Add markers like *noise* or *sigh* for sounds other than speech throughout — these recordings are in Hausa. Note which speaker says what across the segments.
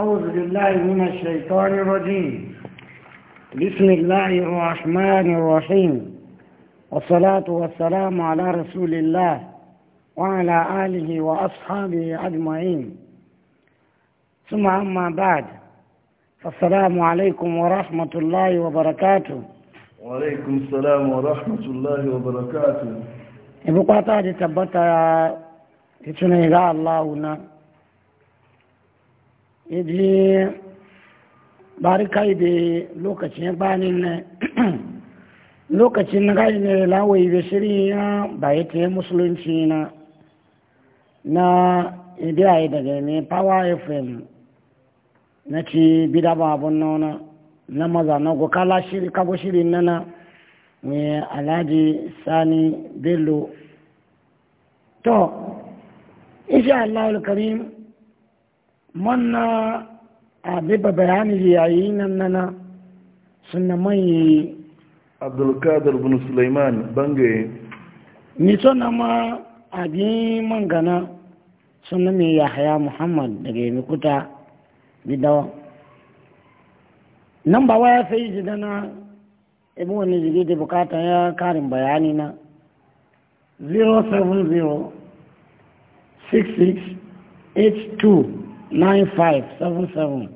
Speaker 1: أعوذ بالله من الشيطان الرجيم بسم الله الرحمن الرحيم والصلاة والسلام على رسول الله وعلى آله وأصحابه أجمعين ثم أما بعد فالسلام عليكم ورحمة الله وبركاته
Speaker 2: وعليكم السلام ورحمة الله وبركاته
Speaker 1: إبقى تعدي تبتا تتنى الله yaji bari kai be lokacin banin ne *clears throat* lokacin gai ne lawai be shiri ya baye te musulunci na na idiyaye daga ne power fm na ci bida babun nona na maza na gokala shiri kago shiri nana mai alhaji sani bello to insha Allah karim manna abi ba bayani yayi nan nana sunna mai
Speaker 2: abdulkadir bin sulaiman bangaye
Speaker 1: ni tona ma abi mangana sunna mai yahaya muhammad daga yi kuta bidawa nan ba waya sai ji dana ibi wani jige da bukata ya karin bayani na 070 66 82 9577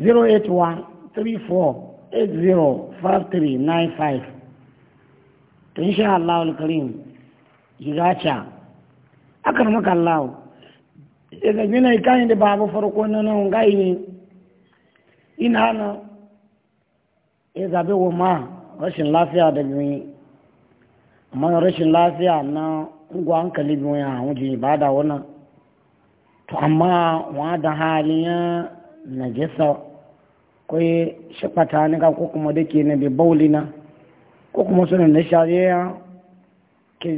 Speaker 1: 081 34 805395 to insha Allah al-karim higacha akar maka Allah idan yana kayan da babu farko na nan gai ne ina na ya zabe wa ma rashin lafiya da biyu amma rashin lafiya na ngwa hankali biyu ya hujji ba da wannan to amma hali haliya na jisa kwai shafata ni ga ko kuma dake na bi baulina ko kuma suna na shariya ke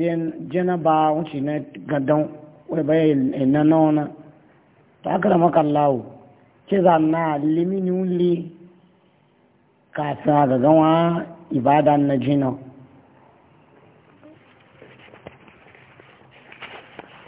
Speaker 1: jana ba wuce na gadon wai bai ina nauna ta akara maka lawo ke za na limini wuli ka sa ga gawa ibadan na jinan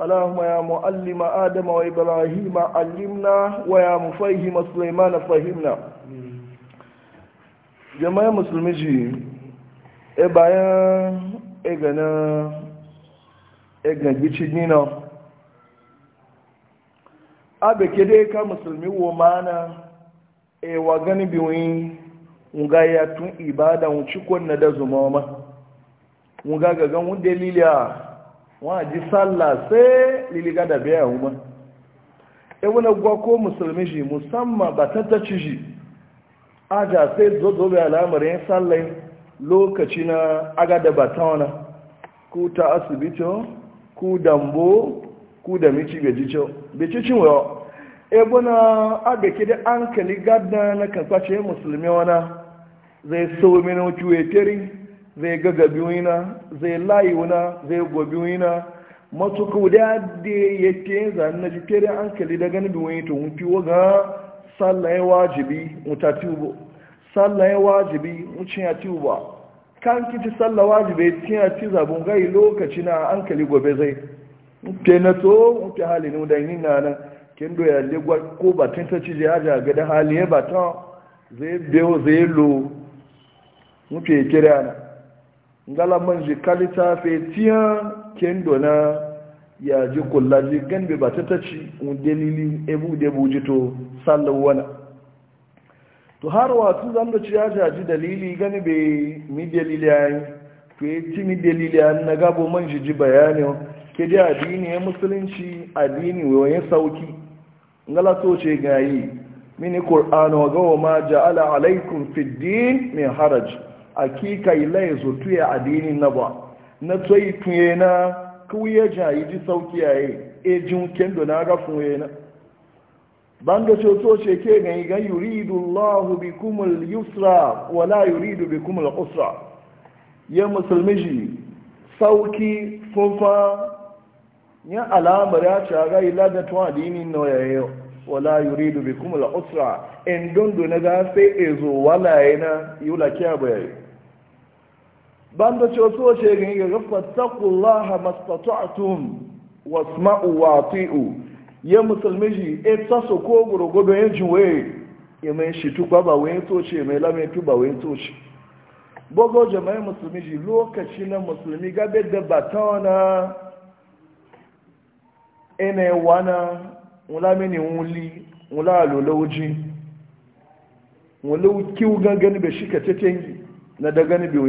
Speaker 2: Allahumma ya mu allima Adamu wa Ibrahim wa allima wa ya mu fahimu masu rai ma lafahimna. Jami'ar Musulmi ji e bayan ya e gana ya e gangi cikin nina. Aba keda ya Musulmi wo ma ana ewa ganin biyun ya ngayatun ibada wuncikwun na da zumo ma, wun gagagun wun daliliya wa ji sallah sai liliga da biya huma ewu na gwa ko musulmi shi musamman ba ta shi aja sai zozo bai al'amarin sallai lokaci na aga da batana ku ta asibiti ku dambo ku da mici bejicho becicin wayo ebe na abeke da an kali na kankwace musulmi wana zai so mini kiwe teri zai gagabi wina zai layi wina zai gobi wina matuka da da ya ke zane na jikere an kali da na bi wani tun fiwo ga sallaye wajibi mutati ubo sallaye wajibi mucin ya ba kan kici salla wajibi ci ya ci zabun gai lokaci na an gobe zai ke na to mutu hali ne da yin na nan kin do ya legwa ko ba tun ta ci ya ga da hali ya ba ta zai biyo zai lo mutu ya kira na ngala ji kalita fe tiya kendo na ya ji kulla ji ganbe ba ta taci un dalili ebu de buji to to har wasu zan da ci ya jaji dalili gani mi dalili ya yi e ti mi dalili ya na gabo man ji ji bayani ke da addini ya musulunci addini ya sauki ngala to ce gayi mini qur'ano ga wa ma ja'ala alaikum fid din min haraji akika ilai zotuye adinin na ba na tsoyi tunye na kuye ya ji sauki yayi ejin kendo na gafin yana banga coto ce ke gani gan yuridu allahu bikumul yusra wala yuridu bikumul usra ya musulmi ji sauki funfa ya alamar ya ce aga ila da tuwa adinin na yi wala yuridu bikumul usra in dundu na gafe ezo wala na yula kya bayani bando coso ce ga yi ga fattakullaha mastata'tum wasma'u wa ati'u ya musulmi ji e taso ko gurgudu ya juwe ya mai shi tukwa ba wani toce mai lamai tu ba wani toce bogo jama'ai musulmi ji lokaci na musulmi gabe da batana ene wana wula mini wuli wula lulauji wula kiwu gangani bai shi ka tetengi na da gani biyu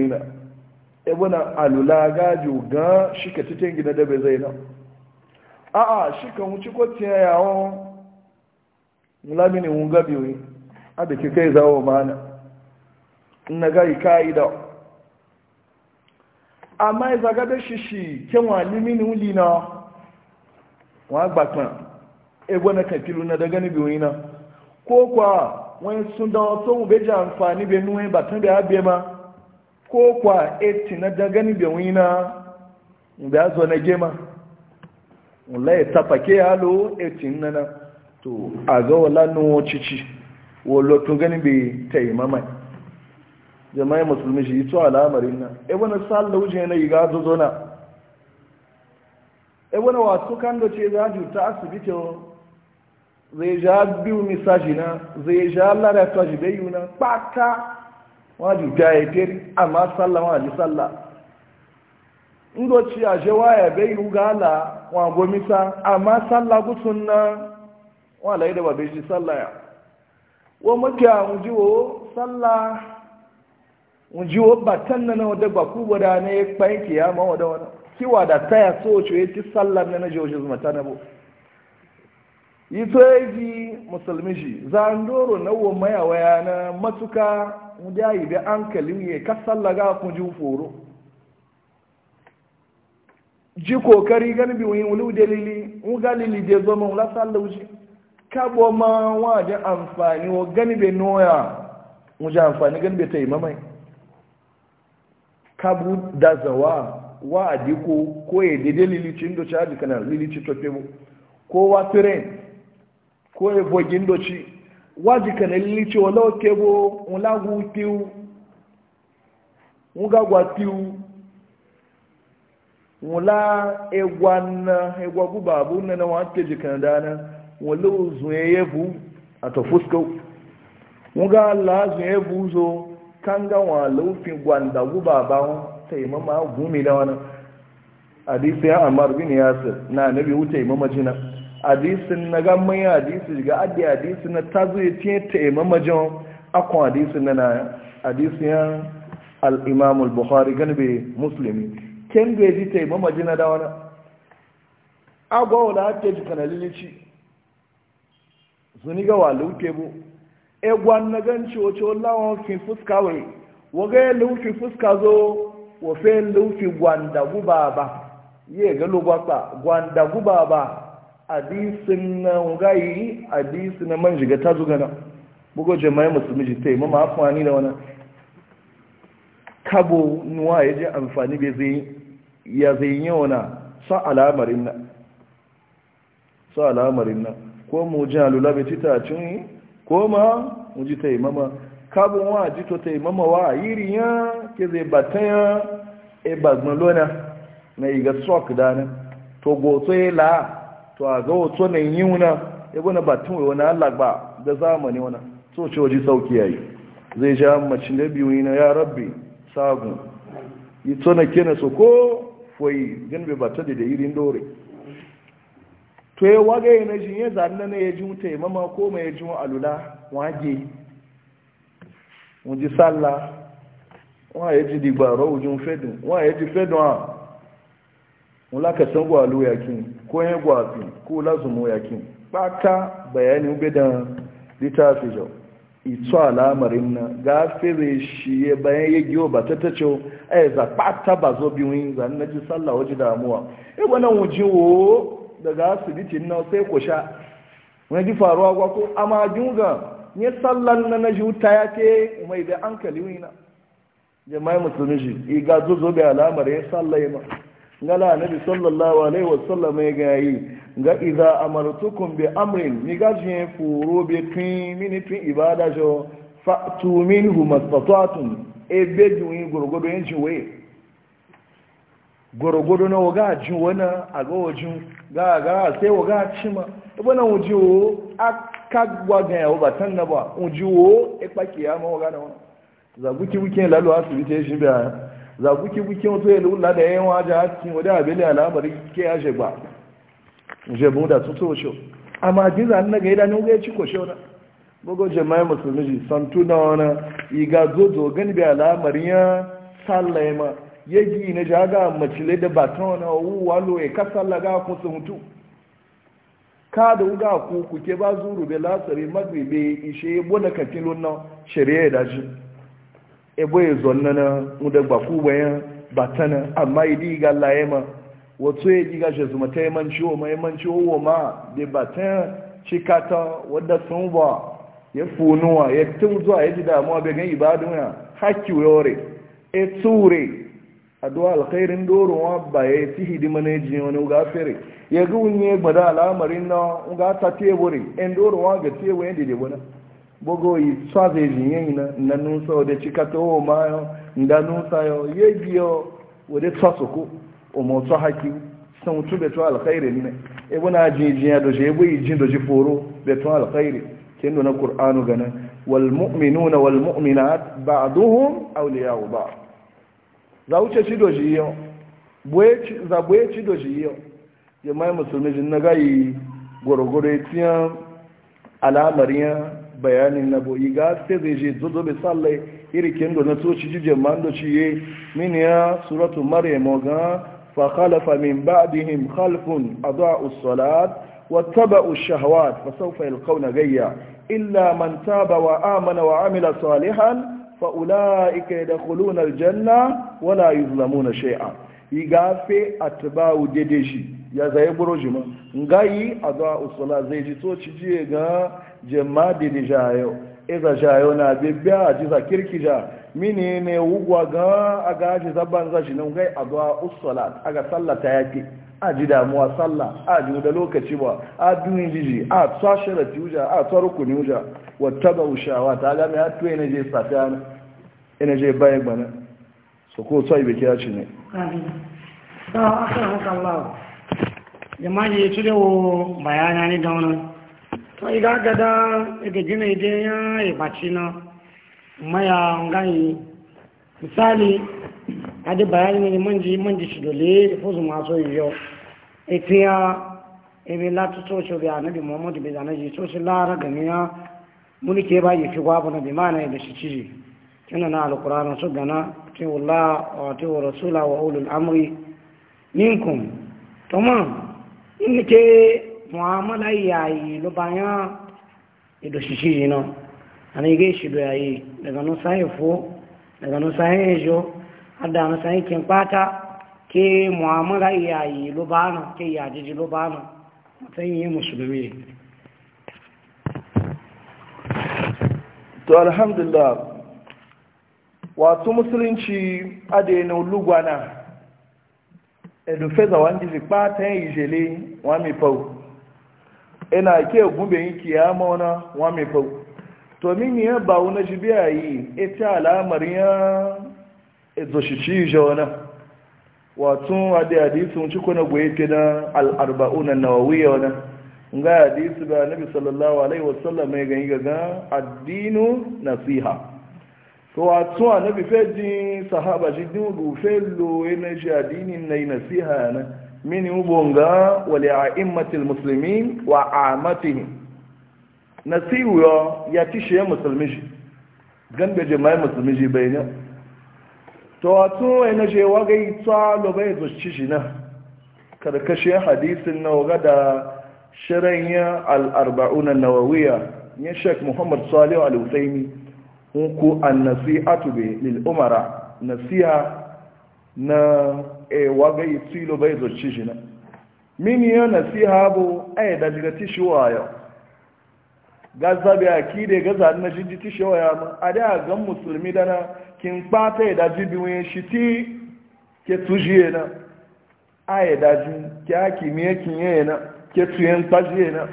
Speaker 2: ebuna alula gaju ga shika titin gina da bai a na a'a shika wuce ko tiya yawo lamini mun gabi wi a da kai zawo mana na ga kaida amma iza ga da shishi kenwa limini wuli na wa gbatan ebuna kafilu na daga ni na ko kwa wani sun dawo to mu beja amfani be nuwe batan be abiye ma ko kwa eti na dagani bia wina mbe azo na gema wala ya tapake halo eti nana to aga wala no cici wala to gani bi taimama jama'a musulmi shi to al'amarin e na e wani salla wuje na yiga zo na. e wani watu kan da ce za ju ta asibiti zai ja biyu na, zai ja lara ta jibe na pata waju ta yi tiri amma sallah a ṣe waya bai ugala wa gomisa amma sallah gusun na wa lai da babe shi sallah ya wa muke a wujiwo sallah batan na wadda ba ku guda ne kpanki ya ma wadda kiwa da taya so ce ya ci sallah na na jiwo ta na bu yi to ya ji musulmi shi doro na wa maya waya na matuka da yi da an kalin ya kasan laga kun ji foro ji kokari gani bi wani wuli dalili ga galili da zama wula sallauci kabo ma wajen amfani wa gani bai noya wajen amfani gani bai taimamai kabu da zawa wa diko ko ya dalili cin do caji kana lili ci tofe mu ko wa train ko ya e bogi ndoci waji ka na lilici wala oke bo nlagu tiwu ngagwa tiwu wula egwanna egwagu babu na na wata jikan dana wala zuwe yebu a wuga la zuwe buzo kan ga wa laufin gwanda guba ba wa taimama gumi da wani hadisi ya amar bin yasir na nabi wuce imama jina hadisin na gamman ya hadisi ga adi hadisi na ta zai ta ima majan akon na na hadisi ya al'imamul buhari ganibe musulmi ken ga ji ta ima na dawana agwa wala hake ji kana lilici zuni ga waluke bu egwan na ganci wace wallawan fin fuska wai waga ya lufi fuska zo wafe lufi gwandagu ba ba yi ga lugwata gwandagu ba ba hadisin na ngayi hadisi na man jiga ta zugana bugo jama'i musulmi ji tai mama afani da wannan kabo nuwa ya je amfani bai zai ya zai yi wana sa alamarin na sa alamarin na ko mu ji alula bai cita cin ko ma mu ji tai mama kabo wa ji to tai mama wa yiri ya ke zai bataya e bagnalona na iga sok dana to gotsoye la to a ga wato nan yi wuna ya gwana batun wai wani allah ba da zamani wani so ce waje sauki yi. zai ja macin da biyu na ya rabbi sagu yi na kena so ko foyi gan bai bata da irin dore to ya waga ya na jin ya zanna na ya ji wuta ya mama ko mai ya ji wa alula wage wọ́n ji wa ya ji ti dìgbà fedin wa ya ji fedin ti mulakacin gwalo yakin ko yin gwafi ko lazumo yakin ɓata bayanin bidan littafi jau ito alamarin na gafere shi ya bayan ya giyo ba ta tace a yi zaɓata ba zo biyun zanen na ji sallah waje damuwa ya e gwana wuji wo daga asibitin na sai ku sha wani ji faruwa gwa ko amma junga ne sallan na na ji wuta ya ce mai da jama'i musulmi shi iga zo zo bai alamarin sallah ya ma ngala nabi sallallahu alaihi wasallam ya gayi ga idza amartukum bi amrin mi gaje furu bi tin mini tin ibada jo fa'tu minhu mastata'tum e bedu yin gorogodo yin jiwe gorogodo na waga jin wana a ga wajin ga ga sai waga cima e bana wujiwo akagwa ga yawo batan na ba wujiwo e pakiyama waga na wana zaguki lalu asibiti shi biya za kuki kuki wato ya lula da yayin waje a cikin wadda abin al'amari ke ya shegba jebu da su tosho amma jiza na ga idanu ga ya ci koshe wadda bugu jama'i musulmi ji santu na wani iga zozo gani bi al'amari ya sallaye ma ya gi na ga macile da baton wani wuwa lo ya kasalla ga kun su mutu ka da wuga ku kuke ba zuru be lasari magribe ishe bona kafilun na shari'a da shi ebo ya zonna na muda ba ku bayan batana amma idi ga laye ma wato ya ji gashe su mata yamanci wa mayamanci e wa ma da batan cikata wadda sun ba ya funuwa ya tun zuwa ya ji damuwa bai gan ibadun ya haki yore e a addu'a alkhairin dorowa ba ya ti hidima ne wani ga fere ya ga unye gbada al'amarin na ga ta tebure en dorowa ga tebure yadda da wani bogo yi swaze jinyeyi na na nusa ode chikata o mayo nda nusa yo yeji yo ode tsasoko o mo tsa haki san tu be to alkhairi ne e bona jinjin ya doje e boyi jin doje foro be to alkhairi kendo na qur'anu gana wal mu'minuna wal mu'minat ba'duhum awliya'u ba'd za uche chi doje yo bwe za bwe chi doje yo jama'a musulmi jin na gayi gorogoro e ala alamariyan bayanin na boyi ga sai zai je zozo bai sallai irikin da na soci jijin mandoci ye min ya suratu maryamo ga fa khalafa min ba'dihim khalfun adha'u as-salat wattaba'u ash-shahawat fa sawfa yalqawna gayya illa man taba wa amana wa amila salihan fa ulaika yadkhuluna al-janna wa la yuzlamuna shay'a igafe atba'u dedeji ya zai buru jima ngayi a zuwa usula zai ji toci jiye ga jema didi jayo iza e jayo na bibbiya a jiza kirkija mini ne wugwa ga aga gaji zaban zashi na ngayi a zuwa usula aga sallata ya ke a ji damuwa sallah a ji da lokaci ba a dunin jiji a tsa shirati wuja a tsa rukuni wuja wata ba wushawa ta alama ya tuwe na je safiya e na je bayan gbana su ko tsa ibe kira ci ne.
Speaker 1: Ba a kan hukan lawa. jama'a ya ci da wo bayana ni da wani to iga gada iga gina ide ya yi baci na maya gani misali adi bayani ne manji manji shi dole fuzu maso yiyo etiya ebe lati socio bi anabi muhammadu bi zanaji soci lara gani ya mulke ba yi fi gwabana bi mana da shi ciji kina na alkurana su gana tiwula wa rasula wa ulul amri minkum tamam ni ke fun amala yayi lo baya edo sisi yino ani ge shido daga no sai fo daga no sai jo ada no sai kin pata ke muamala yayi lo bana ke yaji lo bana sai yi musulmi
Speaker 2: to alhamdulillah wa musulunci ade na ulugwana edufeza wangi zikpata ijele wamipau ena ke gumbe yin kiyama wana wamipau to mini ya ba wuna jibiya yi ita al'amar ya ezoshishi jona watun adi hadisi wunci kuna goye ke na al'arba'unan nawawiya wana nga hadisi ba nabi sallallahu alaihi wasallam ya gani gaga addinu nasiha to a tún ànábì fẹ́ dín sàhábà sí dín òdù fẹ́ lo ẹnẹ́ṣì àdínì na ìnà sí àná mini ubonga wàlẹ̀ àìmàtìl musulmi wà àmàtìhìn na sí ìwúyọ ya ti ṣe musulmi shi ganbe jama'ai musulmi shi bai ne to a tún ẹnẹ́ṣì wa ga yi tsa lobe ya zuci shi na karkashin hadisin na waga da shirin ya al'arba'unan nawawiya ya shek muhammad salihu al-usaimi nku annasi'atu atube lil umara nasiha na e waga yitsilo bai zo na mini ya nasiha bu ai e, da diga tishiwayo gaza bi akide gaza na jiji tishiwaya ma ada ga musulmi dana kin pata e da jibi shi ti, ke tujiye na ai e da jin kya kimiye kinye na ke tuyen tajiye na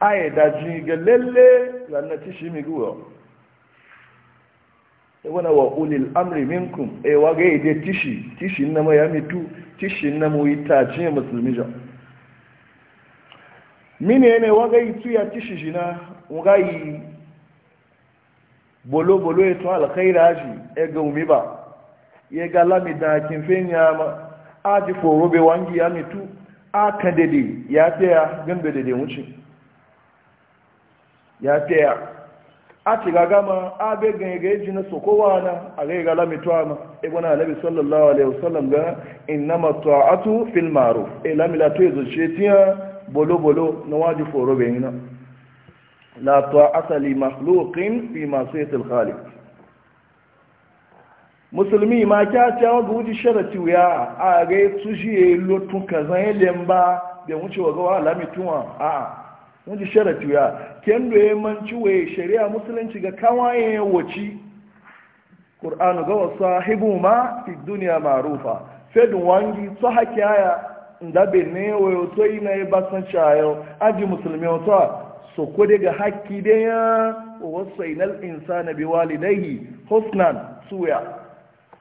Speaker 2: ai da ga lalle lanna tishi mi guwo wani wa ulil amri minkum e eh, waga ya je tishi tishi na ma ya mitu tishi na mu yi tacin ya musulmi jan mine ne waga yi ya tishi jina waga yi bolo bolo ya tun alkhaira ji e ga umi ba ya ga lami da kin fenya ma a ji foro be wangi ya mitu a ka dede ya tsaya gambe dede wuce ya tsaya a ci ga abe ganye jina yaji na sokowa na a ga e ga lamituwa ma ibuna e nabi sallallahu alaihi wasallam ga innama ta'atu fil ma'ruf e lamila to yanzu ce tiya bolo bolo na waji foro be ina la ta'ata li makhluqin fi ma'siyati al khaliq musulmi ma kya ta wa buji sharati ya a ga e tsuji lotun kazan lemba da wucewa wa ga lamituwa a wani sharatu ya kendo ya manci waye shari'a musulunci ga kawaye waci ƙur'anu ga wasu sahibu ma fi duniya marufa fedun wangi su haki haya ndabe ya wayo to yi na ba san cayo aji musulmi wato so ko ga haki da ya wasu inal na bi walidaihi husnan suya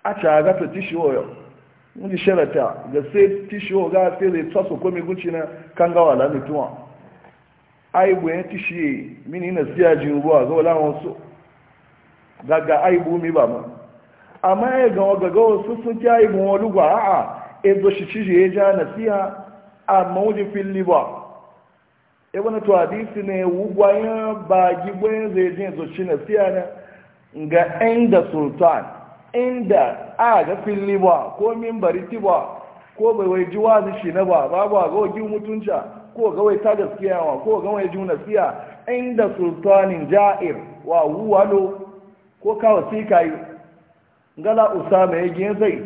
Speaker 2: a ga ta tishi wayo wani sharata ga sai tishi wayo ga sai zai taso komi gunci na kan gawa lamituwa aibu ya ti shi mini na siya jin ruwa ga wala wasu daga aibu mi ba ma amma ya ga gaga wasu sun ki aibu wani gwa a'a ezo shi ci ya ja na siya a mawujin fili ba ya wani to hadisi ne wugwaya ba gigwayen zai jin ezo shi na siya na ga inda sultan inda a ga fili ba ko min bariti ba ko bai wai ji wazi shi na ba babu a ga wajen mutunca ko ga wai ta gaskiya wa ko ga wai juna siya inda sultanin ja'ir wa huwalo ko ka wasika yi gala usama ya gin zaid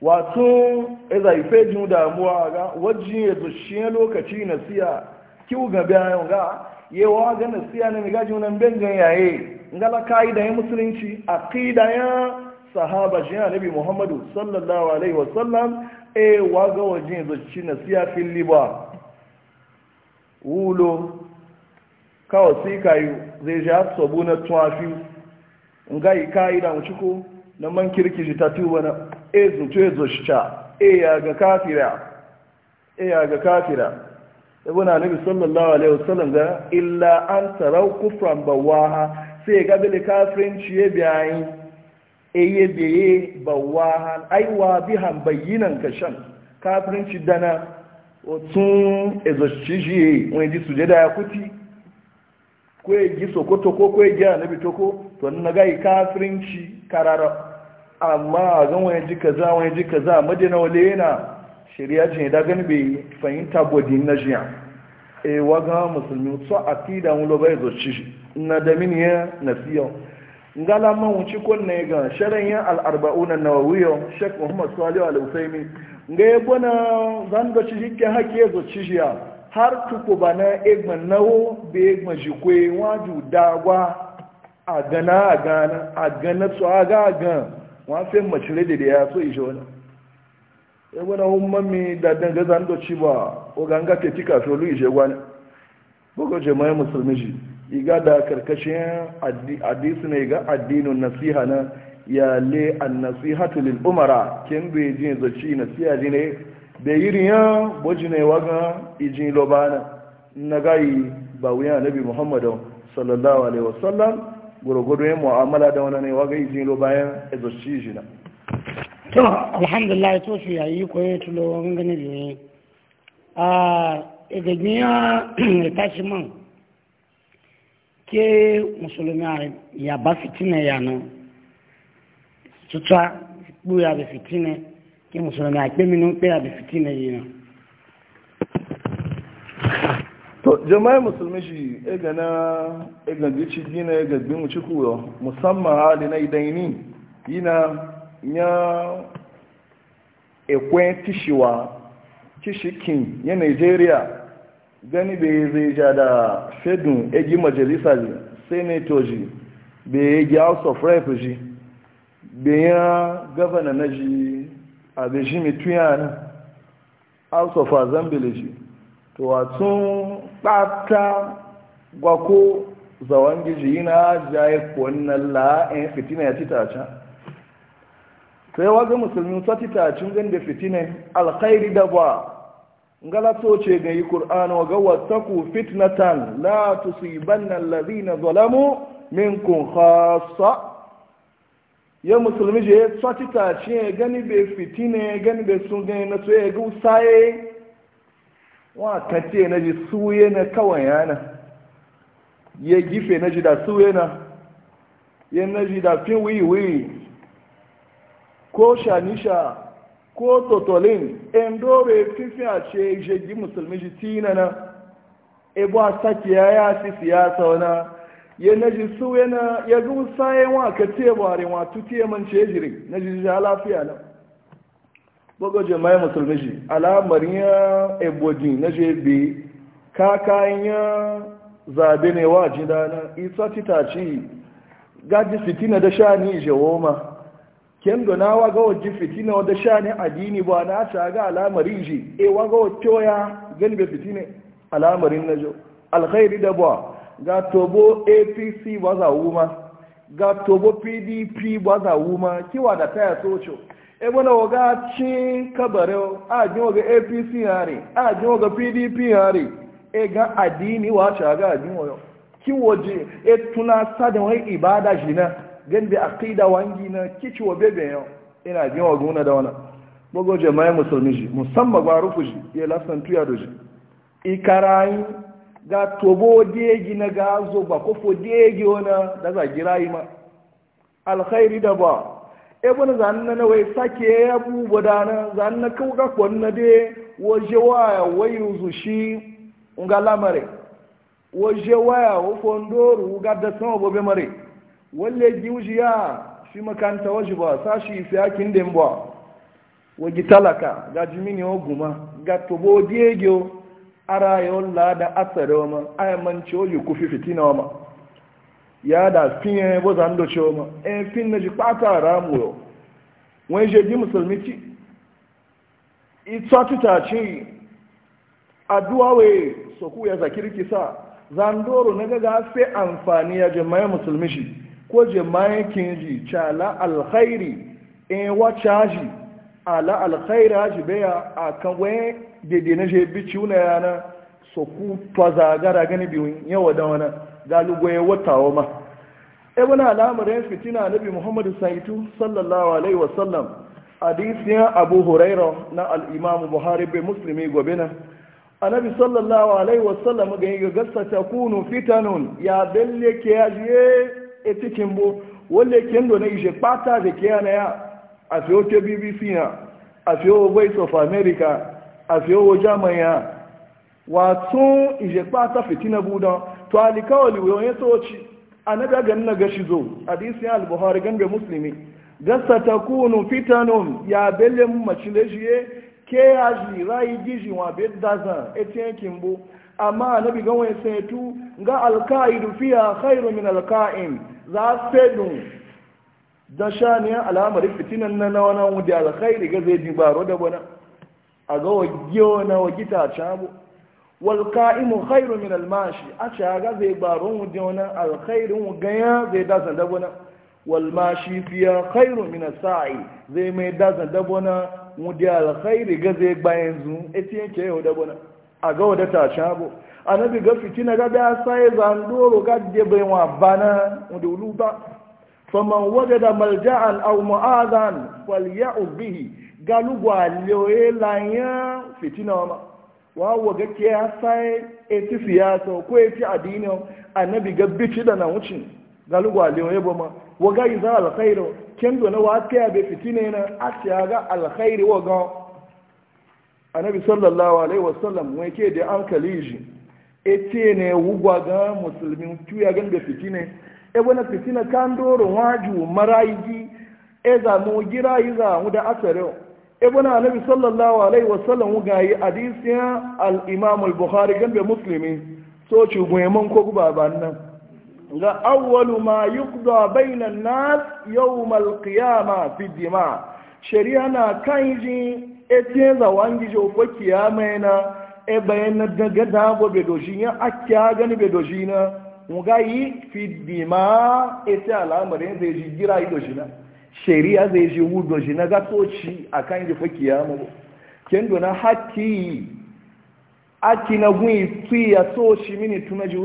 Speaker 2: wato iza ife jun damuwa ga wajen ya zushe lokaci na siya kiwu ga bayan ga yewa ga na siya ne ga junan bengan yaye gala kai da musulunci aqida ya sahaba jiya nabi muhammadu sallallahu alaihi wasallam e waga wajen zaci na siya siyafin liba wulo kawo sai kayu zai ja sabu na tuwafi nga yi kayi da muciko na man kirkiji ta tuba na e zuto ya e ya ga kafira e ya ga kafira ibu na nabi sallallahu alaihi wasallam ga illa an tarau kufran bawaha sai ga bile kafirin ciye biyayin eye beye bawahan aiwa bihan bayyinan kashan kafirinci dana otun ezochiji wani ji suje da ya kuti ko ya ji sokoto ko ko ya ji anabi toko to na gai kafirinci karara amma a gan wani ji kaza wani ji kaza madina wale yana shari'a ce da gani bai fahimta godin na jiya e waga musulmi so akida wulo bai zoci na da miniya na fiyo ngala man wuci kunne ga sharan yan al-arba'un an-nawawiyyo Sheikh Muhammad Salih Al-Uthaymeen ga yabona zan ga ci hikke hake zo cijiya har tuku bana egman nawo be egman jikwe waju dagwa a gana a gana a gana su a ga gan wa fe macire da ya so ijo na yabona umman mi da danga zan do ci ba o ganga ke tika so lu ije gwana bogo je mai musulmi ji iga da karkashin hadisi ne ga addinin nasiha na ya le an nasihatu lil umara kin bai jin zaci nasiha ne da yiriya bojine waga ijin lobana na gayi ba wuya nabi muhammadu sallallahu alaihi wasallam gurgudu yin mu'amala da wani ne waga ijin lobayan zaci jina
Speaker 1: to alhamdulillah to shi yayi koyi tulo wani gani ne a ah, ya tashi man ke musulmi ya ba fitine ya no tuta kpu ya bi fitine ke musulmi a pe minu pe ya bi fitine yi na
Speaker 2: to jama'i musulmi shi ega e na ega gici gina ega bin wuce kuyo musamman hali na idaini yana ya ekwe tishiwa tishikin ya nigeria gani bai zai ja da fedun egi majalisa ji senator ji bai egi house of rep ji bai ya gabana na ji a bai shi mituya na house of assembly ji to a tun ɓata gwako zawon giji yana jaye kwanan la'ayin fitina ya tita a can sai wajen musulmi sa ci ta cin gan da fitina alkhairi da ba ngalato ce ga yi ƙur'anu ga wataku fitnatan la tusibanna allazina zalamu minkum khassa ya musulmi je tsati ta ya gani be fitine gani be sun gani na tsoye ga usaye wa ka ce na ji suye na kawai yana ya gife na ji da suye na ya na ji da fin wiwi ko shanisha ko totolin endore fifi a ce ishegi musulmi ji tina na ebo a saki ya ya si siyasa wana ya na ji su ya na ya zu sayen wa ka ce bare wa tuti man ce jiri na ji ja lafiya na bugo jama'i musulmi ji al'amarin ya ebodi na je bi kakayin ya zabe ne wa jidana isa titaci gaji sitina da sha ni jewoma da na waga wajen fitina wadda sha ne dini ba na sha ga alamarin ji e waga wacce waya gani bai fitina alamarin na jo alkhairi da ba ga tobo apc ba za wuma ga tobo pdp ba za wuma kiwa da taya socho e mana waga cin kabarai a jin waga apc hari a jin waga pdp hari e ga adini wa sha ga adini wayo kiwo je e tuna sadin wai ibada jina. gan bi aqida wangi na kici wa bebe yau ina jin wa guna da wannan bugo jama'a musulmi ji musamman ba rufu ji ya lasan tuya do ji ikarai ga tobo deji na gazo ba ko fo deji ona da za girai ma alkhairi da ba ebon zanna na wai sake ya bubu da na zanna kauka kwanna de waje waya wai yuzu shi nga lamare waje waya wa fondoro ga da sama bobe mare wale giwujiya shi makanta waje ba sashi fi yakin din ba waje talaka ga jimini oguma ga tobo diego ara yawon lada asare wama ayamanci oji kufi fitina wama ya da fiye boza ndoce wama en fin na ji kpata ramu yau wani je ji musulmi ci ita tutaci aduwa wai soku ya zakirki sa zandoro na gaga fi amfani ya jama'a musulmi shi ko jama'in kinji cala alkhairi in eh, wa ji ala alkhaira ji baya a kan waye dede na je bici wuna yana so ku tazagara gani biyu yawa da wani galigoye watawa ma e wani al'amarin fitina nabi muhammadu saitu sallallahu alaihi wasallam hadisiyan abu huraira na al'imamu buhari bai musulmi gobe na anabi sallallahu alaihi wasallam ga yi gasta ta kunu fitanun ya belle ke ya jiye etikin bo wale kendo na ise pata da kiyana ya a oke bbc ya a o voice of america a o jama ya wato ise pata fitina buda to alikawali wuyoyin to a na gagan na gashi zo hadisi al-buhari ganga muslimi gasa ta kunu fitanun ya bele mu macile shi ke ya ji rayi wa bedaza etien kimbo amma nabi gawai setu ga alka'idu fiya khairu min alka'in za fedu da shaniyar al'amari fitinan na nawa wuda alkhairi ga zai dubaro da bana a ga wagiyo na a cabu walka'imu khairu min almashi a ce ga zai baro wuda wani mu ganya zai dasa da bana walmashi fiya khairu min sa'i zai mai dasa da bana wuda alkhairi ga zai bayan zuwa etiyan yau da bana a ga wadda ta shabo annabi ga fitina ga da sai zandoro ga de bai wa bana wudulu ba faman wajada malja'an aw mu'adan falya'u bihi galu gwaloye lanya fitina ma wa wa ga ke sai eti siyasa ko eti addini annabi ga bici da na wucin galu gwaloye ba ma wa ga za alkhairu kendo na wa ta be fitina na a ta ga alkhairu wa ga annabi sallallahu alaihi wasallam mai ke da an kaliji ete ne wugwa ga musulmin tuya gan da fitine e wani fitina kan doron waju marayigi e za mu gira yi za mu da asare e wani annabi sallallahu alaihi wasallam wuga yi hadisiya al-imam al-bukhari gan da muslimi so ci gweman ko guba ban nan ga awwalu ma yuqda bainan nas yawm al-qiyamah fi dima shari'a na kanji etiye za wangi jo kiyama na e bayan na daga da bo be gani be doji na mu yi fi dima eti al'amarin zai ji gira yi doji na shari'a zai ji wu doji na ga soci akan ji ko kiyama bo ken dona haki aki na gwi tuya soci mini tunaji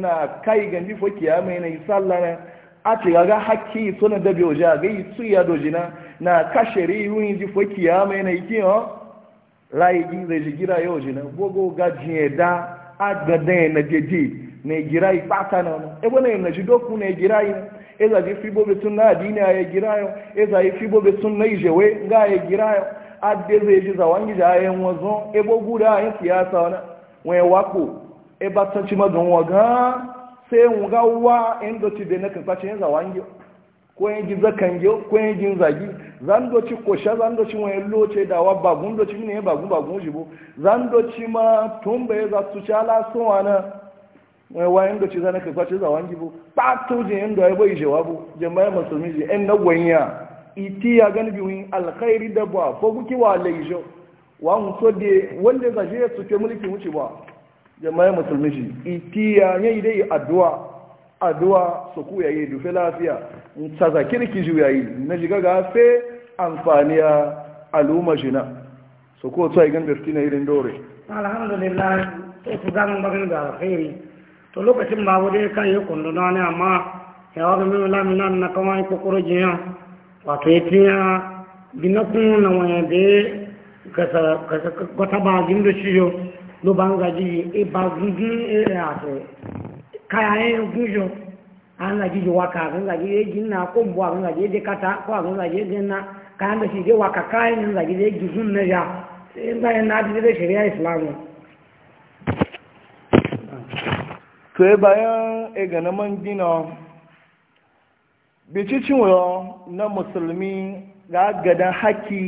Speaker 2: na kai gandi fo kiyama na isalla na a ce ga haƙƙi suna dabe waje a gai su ya dojina na kashe riyun ji foki ya mai na iki ha rayu gi zai ji gira yau jina gogo ga jiye da agada ya na jeje na gira yi fata na wani ebe na yi na ji doku na gira yi eza ji fibo be sun na adini a ya e gira yau eza yi fibo be sun na ijewe ga ya e gira yau adde zai ji zawon e gija a yan wazon ebo guda a yin siyasa wani wani wako eba san ci magan wagan sai yin gawa yin doci da nakan sace yin zawon yau ko yin gi zakan yau ko yin gi zagi zan doci ko sha zan doci wani loce da wa bagun doci ne bagun bagun shi bo zan doci ma tun bai za su ci ala sun wani wa yanda ce zana ka kwace zawan gibo ba to je yanda ai bai bo jama'a musulmi je en na wanya iti ya gani biwin alkhairi da ba ko kuki wa laijo wa mutode so de wanda za je su ke mulki wuce ba jama'ai musulmi shi itiya yi dai addu'a addu'a su ku yayi dufe lafiya in tsaza kirki ju yayi na jiga gafe amfaniya al'umma jina su ko tsaye gan na irin dore
Speaker 1: alhamdulillah sai ku gan bakin da alkhairi to lokacin ba wuri kan yi na ne amma ya wa gami lamina na kama yi kokoro jiya wato ya tiya binakun na wani da ya gasa gata ba gindo shi yau ló bá a gají ipa gígí ẹ̀rẹ̀ àfẹ́ káyà ẹ̀ gúnjọ àgbàjíjọ wákà àgbàjí èjì ńnà kó bọ̀ àgbàjí èdè kátà kó àgbàjí èdè ńnà káyà bẹ̀ sì gé wákà káyà ní àgbàjí èjì fún mẹ́ra nígbà yẹn náà ti dé ṣẹ̀ríà ìsìlámù.
Speaker 2: ga ẹ bá yẹn na ga haki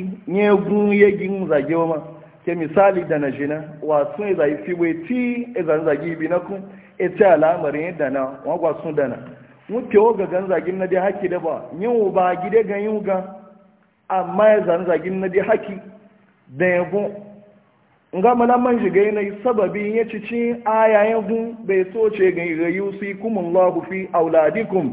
Speaker 2: ke misali da na jina wasu ya zai fi weti ya e zan zagi bi na kun ita e ce al'amarin yadda na wagwa sun dana muke oga gan zagin na dai haki da ba yin ba gide gan yin ga amma ya zan zagin na dai haki da ya gun nga mana man shiga yanayi sababi ya ci cin aya ya bu bai so ce ga yi su yi kumun lahu fi auladikum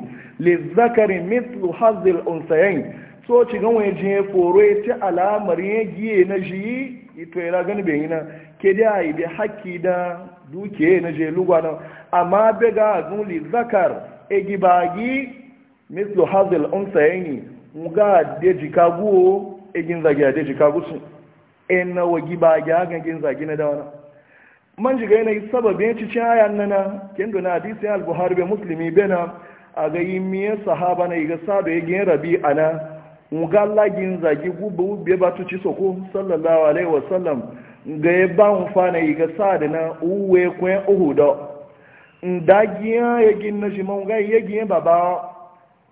Speaker 2: zakari mitlu hazil unsayain so ci gan wani jiye foro ya ci al'amarin ya giye na jiyi ito yana gani bai yana ke da ayi da hakki da duke na je na amma bai ga zuli zakar egibagi mislu hazil unsa yani muga de jikagu guwo egin zagi de jikagu su en na wagi ga gin zagi na dawana man jiga sababi sababin cikin ayan nana kendo na hadisi al-buhari bai muslimi bena a ga yi sahaba na iga sado egin rabi ana nga mugallagin zagi gube ube batu tuci soko sallallahu alaihi wasallam ga ya ba mu fana yi ga da na uwe kwen uhuda ndagiya ya gin na shi man ga ya gin baba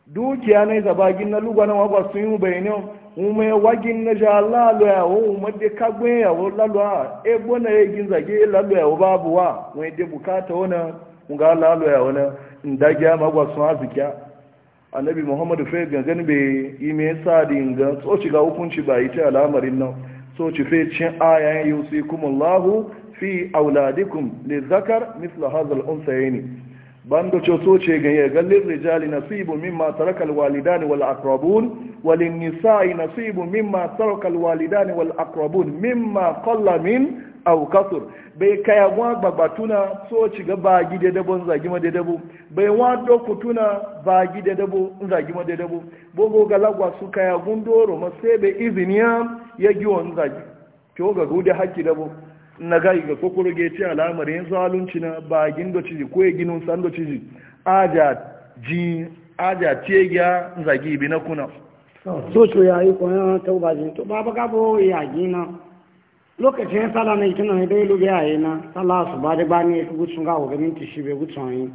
Speaker 2: dukiya ne zaba gin na lugwa na wagwa sun yi bayani ume wagin na ja lalo ya o wo madde kagwe ya wo lalo a e bona ya gin zagi lalo ya wo babu wa wai de bukata wona mu ga lalo ya wona ndagiya magwa sun azikiya annabi muhammadu fai gangan bai yi mai sadin ga tsoci ga hukunci ba yi ta al'amarin nan tsoci fai cin ayayen yi kuma lahu fi auladikum li zakar misla hazal unsa bando coso ce ga ya gallin rijali nasibu mimma tarakal walidani wal aqrabun walin nisa'i nasibu mimma tarakal walidani wal aqrabun mimma qalla min aw kasur bai kaya wa gbabatuna so ci ga ba gide dabo zagi ma dedabo bai wa doku tuna ba gide dabo zagi ma dedabo bogo galagwa su kaya gundoro ma sai bai izini ya giwon zagi to ga gude hakki dabo na gai ga kokoro ga ce alamar yin zalunci na bagin da ciji ko ginin san da ciji aja ji aja ce ya zagi bi na kuna
Speaker 1: so so ya yi koyan tauba jin to ba ga bo ya gina lokacin sala ne kina ne dai lubi yi na sala su ba da ba ne ku gutsun ga wa minti shi bai gutsun yi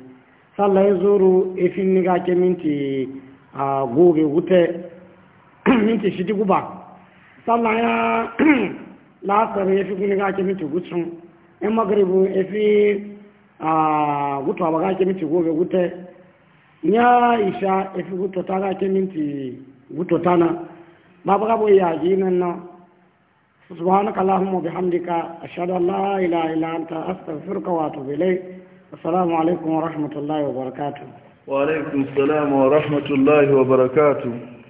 Speaker 1: sala ya e zuru efin ni ga ke minti a goge gute *clears throat* minti shi di ba sala ya *clears throat* lásìrò efi kúni ká kí mi tìgú sùn e ẹ magrebu efi gútu àbá ká kí mi tìgú ọbẹ gútẹ nyá ìṣá efi gútu tá ká kí mi tì gútu tá na bàbá ká bó yà jí nínú سبحانك اللهم وبحمدك أشهد أن لا
Speaker 2: وعليكم السلام ورحمة الله وبركاته